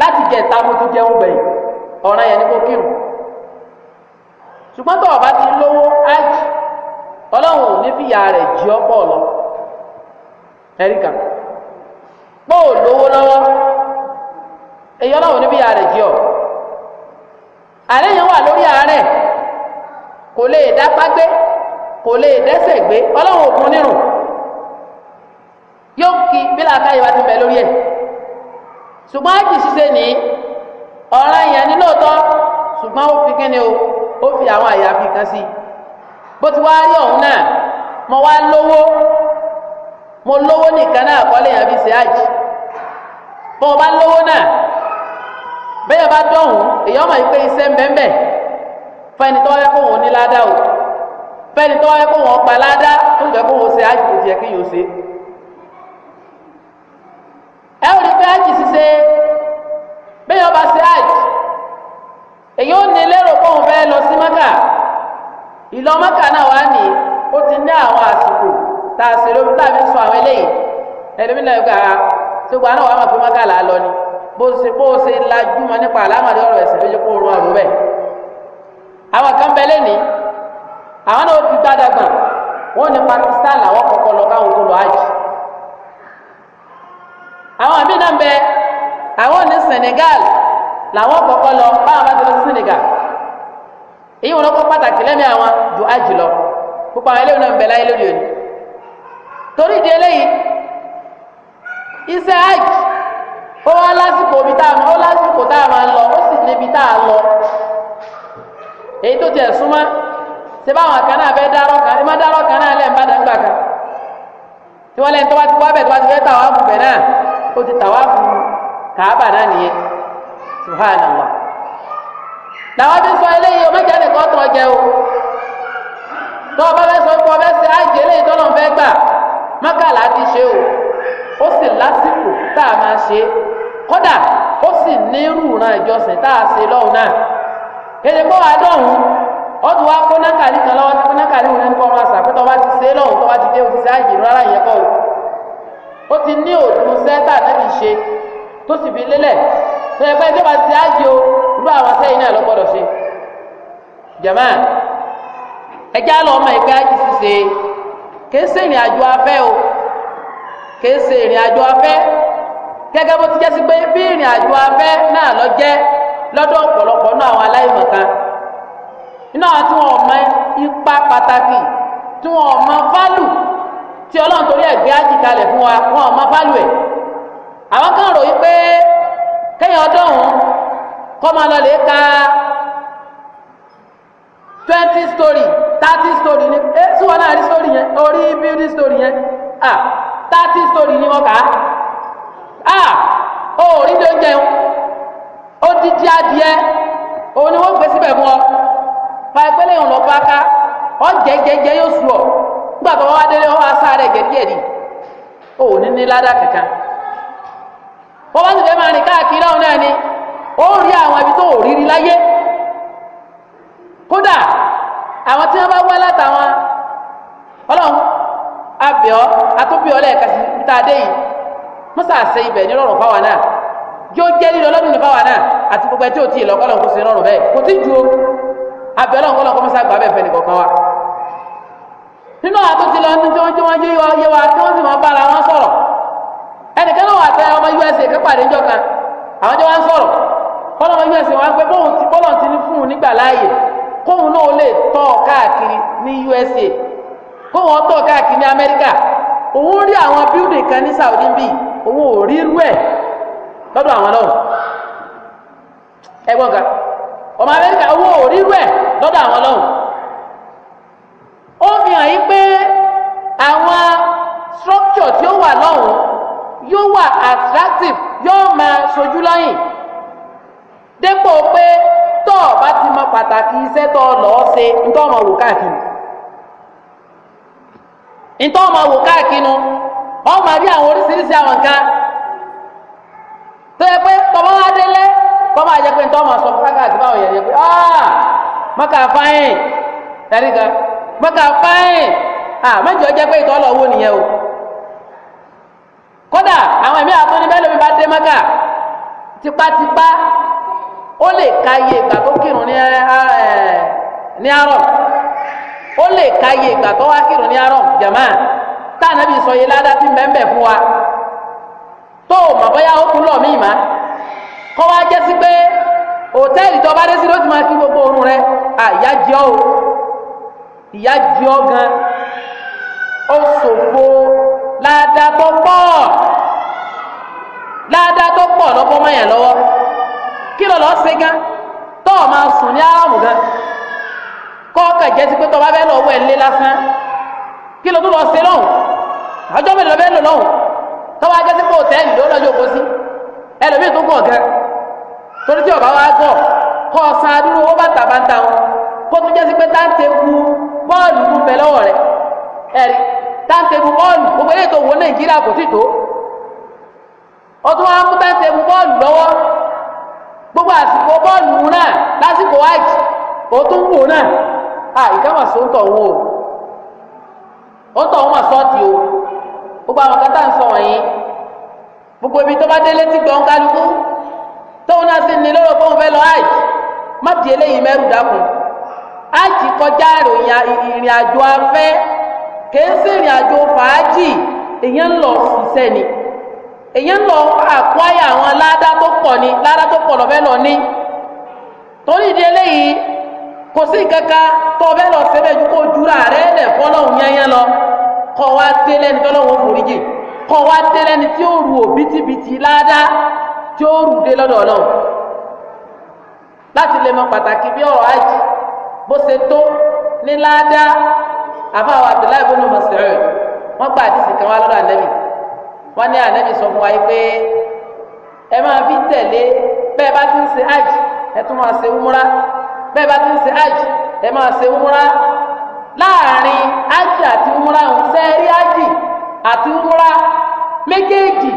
láti jẹ ìta mo jẹun gbẹ̀yìn ọ̀ràn yẹn ni kò kírun ṣùgbọ́n tó ti lówó ájì ọlọ́run ò ní fìyà rẹ̀ jí ọ́ pọ̀ lọ ẹ̀ríkà pé lówó lọ́wọ́ èyí ọlọ́run yóò kí bílà káyọ̀ bá ti bẹ̀ lórí ẹ̀ ṣùgbọ́n àjì ṣiṣẹ́ ní ọ̀ràn yẹn ní lóòótọ́ ṣùgbọ́n ó fi kíni o ó fi àwọn àyàfi kan sí i bó ti wá rí ọ̀hún náà mo wá lówó mo lówó nìkan náà kọ́lé yẹn fi ṣe àjì bó o bá lówó náà bẹ́ẹ̀ bá dọ̀hún èyí ọmọ yìí pé iṣẹ́ bẹ́ẹ̀ fẹ́ni tó wáyé kó ní ládàá o fẹ́ni tó wáyé kó wọn ládàá tó jẹ́ kó ṣe àjì kò ẹ ò rí pé hajj ṣiṣe bẹ́ẹ̀ ọba ṣe hajj èyí ò ní lérò pé òun fẹ́ lọ sí mọ́kà ìlọ mọ́kà náà wà ní ó ti ní àwọn àsìkò tá a sì lóbi tá sọ àwọn eléyìí ẹlẹ́mìnira yóò gbà á tí gbogbo àwọn pé mọ́kà là á lọ ni bó ṣe bó ṣe lajú mọ nípa àlámọ̀dé ọ̀rọ̀ ẹ̀sìn ló kó rún àrùn bẹ́ẹ̀ àwọn kan bẹ lẹ́nìí àwọn náà ó ti gbádàgbà wọn ní Pakistan làwọn kọ́kọ́ lọ káwọn tó lọ hajj àwọn àmì náà bẹ àwọn ní Senegal làwọn kọ́kọ́ lọ báwọn bá ti lọ sí Senegal èyí wọn kọ́ pàtàkì lẹ́mìí àwọn ju àjì lọ gbogbo àwọn eléyìí náà bẹ láyé lórí òní torí ìdí eléyìí iṣẹ́ àjì ó wá lásìkò ibi tá a ó lásìkò tá a máa lọ ó sì níbi tá a lọ èyí tó tiẹ̀ súnmọ́ ṣé báwọn kan náà fẹ́ dárọ́ kan ẹ má dárọ́ kan náà lẹ́ẹ̀ ń bá dàgbà kan tí wọ́n lẹ́yìn tó bá ti wá bẹ̀ tó bá ti fẹ́ tà wá bù náà. ó ti tàwáàfù kàábà náà subhanallah làwọn ti sọ eléyìí ọmọ ìjà nìkan tó ọjẹ o tó ọba fẹ́ sọ pé ọbẹ ṣe àjẹ ti ṣe o o si lásìkò tá a máa ṣe kódà ó sì nírú ìran ìjọsìn tá a ṣe ti se ti ti o. ó ti ní òdùn sẹ́ńtà nẹ́bí ṣe tó sì fi lélẹ̀ tó yẹ pé tó bá ti ájò irú àwọn sẹ́yìn náà ló gbọ́dọ̀ ṣe jẹ̀mọ́ ẹjẹ́ àlọ́ ọmọ ìpẹ́ ájì ṣiṣe kìí ṣe ìrìn àjò afẹ́ o kìí ṣe ìrìn àjò afẹ́ gẹ́gẹ́ bó ti jẹ́ sí pé bí ìrìn àjò afẹ́ náà lọ jẹ́ lọ́dọ̀ ọ̀pọ̀lọpọ̀ náà àwọn ipa pàtàkì tí ọlọ́run torí egbe gbé fún wa wọn ò máa kan ròyìn pé kéèyàn kọ́ máa lọ lè ka twenty story thirty story ni ẹ tí wọn yẹn orí building yẹn ah thirty story ni wọn kà á ah o ò rí o ó ti di adìẹ òun ni wọn gbé síbẹ̀ fún ọ pa ẹgbẹ́ lẹ́yìn ọ. nígbà tó wa délé wọn wá sáré gẹ̀dígẹ̀dí ò ní ní ládà kankan wọn bá sì fẹ́ máa rìn káàkiri ọ̀hún náà ni ó rí àwọn ibi tó ò rí rí láyé kódà àwọn tí wọn bá wá látàwọn Ọlọ́run abẹ́ọ́ atúbíọ́ lẹ́ẹ̀ka sí ibi tá a dé yìí mọ́sá àṣẹ ibẹ̀ ní rọrùn fáwa náà yóò jẹ́ lílo lọ́dún fáwa náà àti gbogbo ẹjọ́ tí ìlọ́kọ́ lọ́nkọ́ sí rọrùn bẹ́ẹ̀ kò tí ju abẹ́ ọlọ́nkọ́ lọ́nkọ́ mọ́sá gbà bẹ́ẹ̀ fẹ́ nìkọ̀ọ̀kan wa. nínú àwọn tó ti lọ ní tí wọ́n jí wọ́n yé wa wa tí wọ́n sì máa bára wọn sọ̀rọ̀ ẹnìkan náà wà tẹ ọmọ USA kápàdé kan àwọn jọ wọ́n sọ̀rọ̀ ọmọ USA wọn pé bóun ti bọ́lọ̀ ti ní fún un nígbà láàyè kóun náà lè tọ́ káàkiri ní USA kóun ó tọ́ káàkiri ní Amẹ́ríkà òun rí àwọn bíúdì kan ní Saudi bíi òun ò rí ó fi hàn yí pé àwọn structure tí ó wà lọ́hùn yóò wà attractive yóò máa ṣojú lọ́yìn dépò pé tọ́ ọ bá ti mọ pàtàkì iṣẹ́ tọ́ ọ lọ́ọ́ ṣe ntọ́ ọmọ wò káàkiri ntọ́ ọmọ wò káàkiri ọmọ rí àwọn oríṣiríṣi àwọn nǹkan tó yẹ pé tọ́mọ́ ọmọ sọ fún káàkiri báwọn mọ́kà fáìn àmọ́jọ́ jẹ́ pé ìtọ́ lọ́wọ́ nìyẹn o kódà àwọn ẹ̀mí àtúndì bẹ́ẹ̀ lómi bá dé mọ́kà tipátipá ó lè ka iye ìgbà tó kírun ní ní ó lè ka ìgbà tó wá kírun ní arọ jàmá tá ànábì sọ yìí ládàá tí bẹ́ẹ̀ fún wa tó o mọ̀ bóyá ó kú lọ mí kọ́ wá jẹ́ sí pé tó bá dé sí ló ti máa kí gbogbo oorun rẹ àyájọ́ ìyá jẹ ọ gan ó ṣòfò ládàá tó pọ̀ ládàá tó pọ̀ lọ́bọ́ mọ́yàn lọ́wọ́ kí ló lọ́ọ́ ṣe gan tó o máa sùn ní aráàmù gan kọ́ ọkàn jẹ́ sí pé tó o bá fẹ́ lọ́wọ́ ẹ̀ lé lásán kí ló tún lọ́ọ́ ṣe lọ́hùn ọjọ́ mélòó lọ́ọ́ fẹ́ lò lọ́hùn tó wá jẹ́ sí pé òtẹ́ẹ̀lì ló lọ́jọ́ òkó sí ẹlòmíì tó gọ̀ gan torí tí ọba wa gọ̀ kọ́ ọ̀sán adúrú owó bàtà bàtà wọn kó tún jẹ́ sí pé táǹtẹ̀ kú bọ́ọ̀lù tó bẹ lọ́wọ́ rẹ̀ ẹ̀rí táǹtẹ̀bù bọ́ọ̀lù gbogbo eléyìí tó wọ nàìjíríà kò sì tó ó tún wá mú táǹtẹ̀bù bọ́ọ̀lù lọ́wọ́ gbogbo àsìkò bọ́ọ̀lù náà lásìkò àìjì ó tún wò náà à ìkámọ̀ sí ó ń tọ̀ wọn o ó ń tọ̀ wọn sọ́ọ̀tì o gbogbo àwọn kátà ń sọ wọ̀nyí gbogbo ibi tó bá délé tí gbọ̀n kálukú tóun náà sì ní ájì kọjá ìrìn àjò afẹ́ kìí sí ìrìn àjò fàájì èyàn lọ ṣiṣẹ́ ni èyàn lọ àkúáyà àwọn ládá tó pọ̀ ni ládá tó pọ̀ lọ́fẹ́ lọ ní torí ìdí eléyìí kò sí kankan tó ọbẹ̀ lọ sẹ́bẹ̀ ju kó jura rẹ̀ lẹ̀ fọlọ́hún yányán lọ kọ́ wa délé ní tọ́lọ́hún òfurufú kọ́ wa délé ní tí ó ru òbítíbitì ládá tí ó rù dé lọ́dọ̀ náà láti lè mọ pàtàkì bí ọ̀rọ̀ àjì. bó ṣe tó ní ládàá àfàwọn abdullahi bínú Mas'ud wọn gba àdìsí kan wá lọ́dọ̀ wọn ní ànẹbì sọ fún wa yìí pé ẹ máa fi tẹ̀lé bẹ́ẹ̀ bá ti ń ṣe hajj ẹ tún máa ṣe umra bẹ́ẹ̀ hajj ẹ máa ṣe umra láàrin hajj àti umra ń sẹ́ẹ̀rí hajj àti umra méjèèjì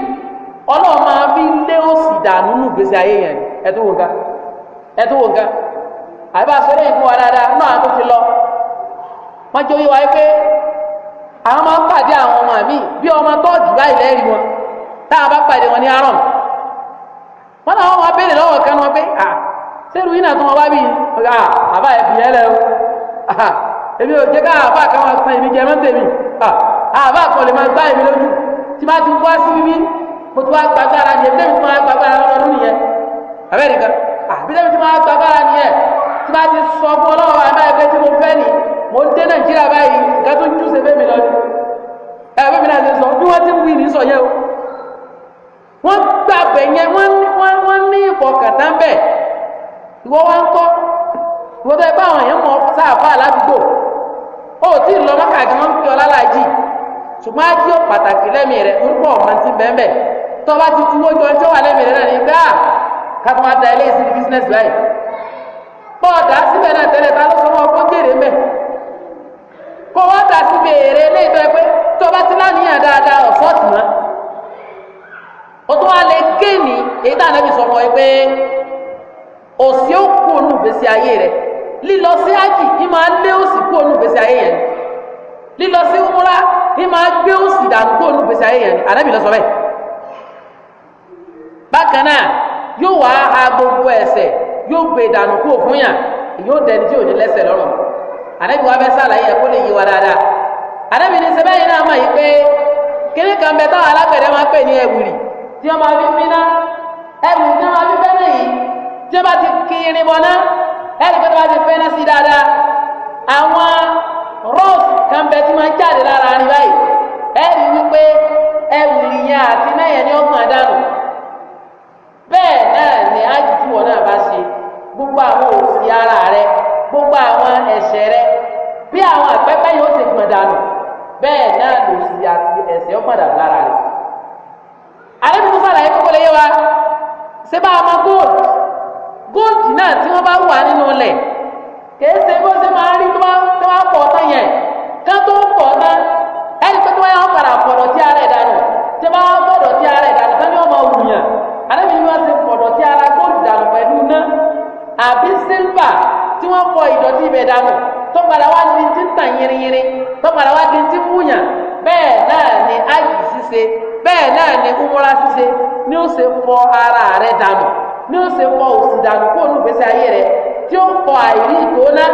ọlọ́run máa fi lé òsì dànù nù gbèsè ayé yẹn ẹ tún wò àbá sọ̀rọ̀ yìí fún wa dáadáa náà tó ti lọ wọ́n jẹ́ oyé wa pé àwọn máa ń pàdé àwọn ọmọ mi bí ọmọ tọ́ọ̀dù báyìí lẹ́rìí wọn táwọn bá pàdé wọn ní arọ́m wọn náà wọn béèrè lọ́wọ́ kan wọn pé à sẹ́rù yìí náà tó wọn bá bí à àbá ẹ̀ fìyẹ́ lẹ́ o èmi ò jẹ́ ká àbá kan wọn san èmi jẹ́ mọ́ tèmi àbá kan lè máa gbá èmi lójú tí máa ti wá sí bíbí mo ti wá gbàgbára nìyẹn bí débi tí máa gbàgbára lọ́dún tí bá ti sọ fún ọlọ́wọ́ àbá ẹgbẹ́ tí mo fẹ́ ni mo dé nàìjíríà báyìí nǹkan tó ń jù sí fẹ́mi lọ ni ẹ̀fẹ́ mi náà ti sọ bí wọ́n ti wí ní sọ yẹn o wọ́n gbà bẹ̀ yẹn wọ́n ní ìfọkàntà bẹ́ẹ̀ ìwọ wa ń kọ́ ìwọ tó ẹ bá àwọn èèyàn mọ sáàfà aládùúgbò ó tí ì lọ mọ́kàdí wọn ń fi ọlá láàjì ṣùgbọ́n á jí ó pàtàkì lẹ́mìí rẹ̀ orúkọ ọ̀mọ ti bẹ́ẹ̀ bẹ́ẹ̀ tọ́ba ti tuwó jọ ẹjọ́ wà lẹ́mìí rẹ̀ náà ní gbà ah, ká tó máa da ilé ìsinmi bísínẹ́sì báyìí kọ́ ọ̀dà síbẹ̀ náà tẹ́lẹ̀ ta ló sọ wọn kó jèrè mẹ́ kó wọ́n dà síbi èrè eléyìí tó yẹ pé tó bá ti láníyàn dáadáa ọ̀sọ́ tì mọ́ ó lè géènì sọ wọn pé òsì ó kú ònú ìgbésí ayé rẹ lílọ sí ájì ní máa lé òsì lọ sọ ha gbogbo yóò gbé ìdànù kúrò fún yàn yóò dẹni tí ò ní lẹ́sẹ̀ lọ́rùn ànábì wa bẹ́ sàlàyé ẹ̀ kó lè yí wa dáadáa ànábì ní sẹ́bẹ́ yìí náà mọ̀ yìí pé kíní kan bẹ táwọn alágbẹ̀dẹ máa ń pè ní ẹ̀wùrì tí wọ́n máa fi mìíná ẹ̀wùrì tí wọ́n máa fi fẹ́nà yìí tí wọ́n bá ti kiri bọ̀ná ẹ̀rì pé tí wọ́n ti fẹ́nà sí dáadáa àwọn rọ́ọ̀sì kan bẹ tí máa jáde lára rí báyìí ẹ̀rì wípé ẹ̀wùrì yẹn àti náà ni ọgbọ̀n dànù bẹ́ẹ̀ náà ni ájì tí náà bá ṣe gbogbo àwọn òsì ara rẹ gbogbo àwọn ẹ̀ṣẹ̀ rẹ bí àwọn àpẹpẹ yóò ti gbọ̀n dànù bẹ́ẹ̀ náà lòsì àti ẹ̀ṣẹ̀ ó gbọ̀n dànù lára rẹ. ààrẹ tuntun sàlàyé kókó lè yé wa ṣé bá a mọ gold gold náà tí wọ́n bá wà nínú ilẹ̀ kìí ṣe bó ṣe máa rí tó bá pọ̀ tán yẹn kán tó ń pọ̀ tán ẹni pé tí wọ́n yà wọ́n padà fọ̀dọ̀ tí ara ẹ̀ dànù tí wọ́n fọ̀dọ̀ tí ara ẹ̀ dànù tán ni wọ́n máa wù yàn àdébìnrin wọn ṣe fọ̀dọ̀ tí ara gold dànù pẹ̀lú náà. àbí sílvà tí wọ́n fọ ìdọ̀tí ibẹ̀ dànù tó padà wá di ti tàn yìnyín tó padà wá di ti múyàn bẹ́ẹ̀ náà ni ájì ṣíṣe bẹ́ẹ̀ náà ni umura ni ó ṣe fọ ara rẹ̀ dànù ni ó ṣe fọ òṣì dànù kó olùgbèsè ayé rẹ̀ tí ó fọ àìrí ìgbóná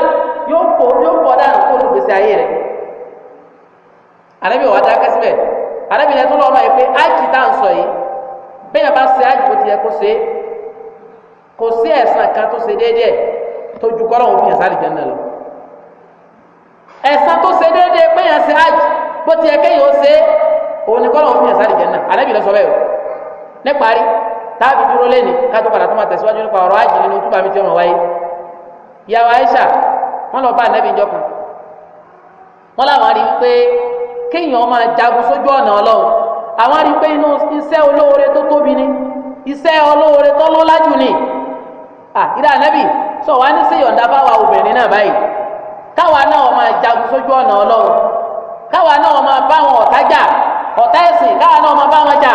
yóò fọ yóò fọ dànù kó olùgbèsè ayé rẹ̀ àrẹ́bí ọ̀wá dákẹ́ síbẹ̀ àrẹ́bí tó lọ́ọ́ yẹ pé ń sọ yìí bẹ́ẹ̀ bá ṣe kò sí ẹ̀sán kan tó ṣe déédéé tó ju kọ́ lọ́wọ́ fi hàn sáré jẹ́nà lọ. ẹ̀sán tó ṣe déédéé pé yẹn ṣe ájì bó ti yẹ kéèyàn ó ṣe é òun ni kọ́ lọ́wọ́ fi hàn sáré jẹ́nà àlẹ́bí lọ sọ bẹ́ẹ̀ o. níparí táàbí dúró lẹ́ni kájọ padà tó máa tẹ̀síwájú nípa ọ̀rọ̀ ájì nínú túbà mi tí wọ́n wáyé. ìyàwó Aisha wọn lọ bá ànábì ìjọ kan wọn làwọn rí pé kéèyàn máa jagun sójú ọ̀nà Ah, à ìdá ànábì sọ wá ní sí yọ̀ǹda báwa obìnrin náà báyìí káwa náà máa jagun sójú ọ̀nà ọlọ́run káwa náà o bá wọn ọ̀tá jà ọ̀tá ẹ̀sìn káwa náà máa o wọn jà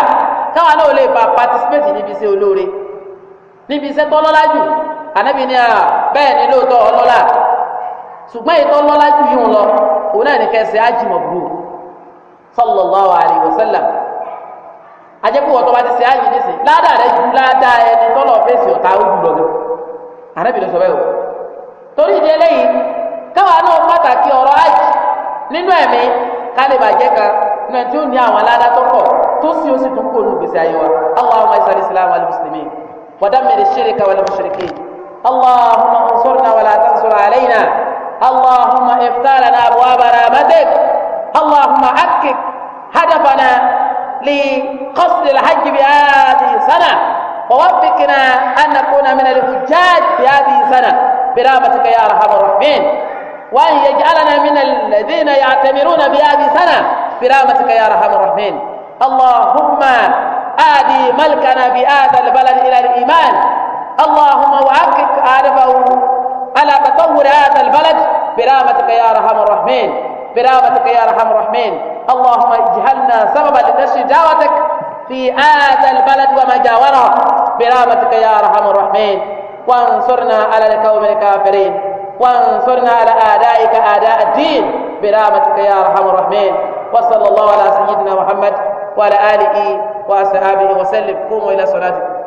káwa náà lè bá patisipéètì o iṣẹ́ olóore níbi iṣẹ́ tọ́lọ́lá jù ànábì ni bẹ́ẹ̀ ni lóòótọ́ ọlọ́lá ṣùgbọ́n ètò ọlọ́lá jù yìí ń lọ òun náà ní kẹsì ájìmọ̀gbù sallallahu alayhi wa sallam ajẹ́pọ̀ wọ́n tó bá ti ṣe ájì nísìn ládàá rẹ̀ ju ládàá ẹni tọ́lọ̀ fèsì ọ̀tá ó jù lọ́gọ́ àrẹ́bì ló sọ bẹ́ẹ̀ o torí ìdí eléyìí káwa náà pàtàkì ọ̀rọ̀ àjì nínú ẹ̀mí kálíbà jẹ́ kan náà tí ó ní àwọn aládá tó pọ̀ tó sì ó sì tún kó olùgbèsè ayé wa allahumma isali islam wal muslimin ودمر الشرك والمشركين اللهم انصرنا ولا تنصر علينا اللهم افتح لنا ابواب رحمتك اللهم حقق هدفنا لقصد الحج بهذه السنه ووفقنا ان نكون من الهجاء في هذه السنة برحمتك يا رحم الرحمن وأن يجعلنا من الذين يعتمرون بهذه السنة برحمتك يا رحم الرحمن اللهم آدي ملكنا بهذا البلد إلى الإيمان اللهم وحقق عرفه على تطور هذا البلد برحمتك يا رحم الرحمن برحمتك يا رحم الرحمن اللهم اجعلنا سببا لنشر دعوتك في هذا البلد وما جاوره برحمتك يا رحم الرحمن وانصرنا على القوم الكافرين وانصرنا على أعدائك أعداء الدين برحمتك يا أرحم الراحمين وصلى الله على سيدنا محمد وعلى آله وأصحابه وسلم قوموا إلى صلاتكم